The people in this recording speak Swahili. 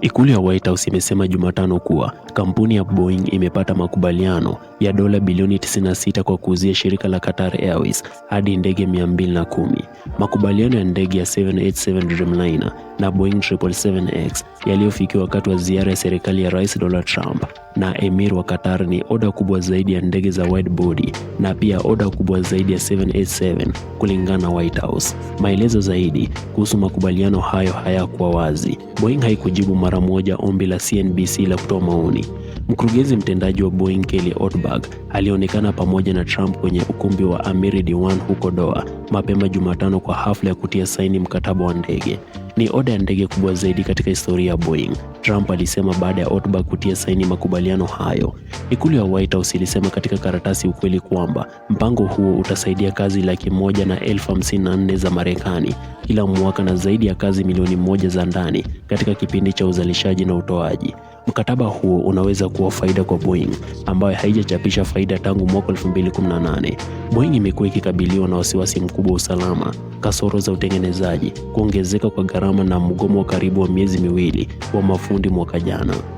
Ikulu ya White House imesema Jumatano kuwa kampuni ya Boeing imepata makubaliano ya dola bilioni 96 kwa kuuzia shirika la Qatar Airways hadi ndege 210. Makubaliano ya ndege ya 787 Dreamliner na Boeing 777X yaliyofikiwa wakati wa ziara ya serikali ya Rais Donald Trump na Emir wa Qatar ni oda kubwa zaidi ya ndege za wide body na pia oda kubwa zaidi ya 787 kulingana na White House. Maelezo zaidi kuhusu makubaliano hayo hayakuwa wazi. Boeing haikujibu mara moja ombi la CNBC la kutoa maoni. Mkurugenzi mtendaji wa Boeing Kelly Ortberg alionekana pamoja na Trump kwenye ukumbi wa Amiri Diwan huko Doha mapema Jumatano kwa hafla ya kutia saini mkataba wa ndege. Ni oda ya ndege kubwa zaidi katika historia ya Boeing, Trump alisema baada ya Ortberg kutia saini makubaliano hayo. Ikulu ya White House ilisema katika karatasi ukweli kwamba mpango huo utasaidia kazi laki moja na elfu hamsini na nne za Marekani kila mwaka na zaidi ya kazi milioni moja za ndani katika kipindi cha uzalishaji na utoaji. Mkataba huo unaweza kuwa faida kwa Boeing ambayo haijachapisha faida tangu mwaka 2018. Boeing imekuwa ikikabiliwa na wasiwasi mkubwa wa usalama, kasoro za utengenezaji, kuongezeka kwa gharama na mgomo wa karibu wa miezi miwili wa mafundi mwaka jana.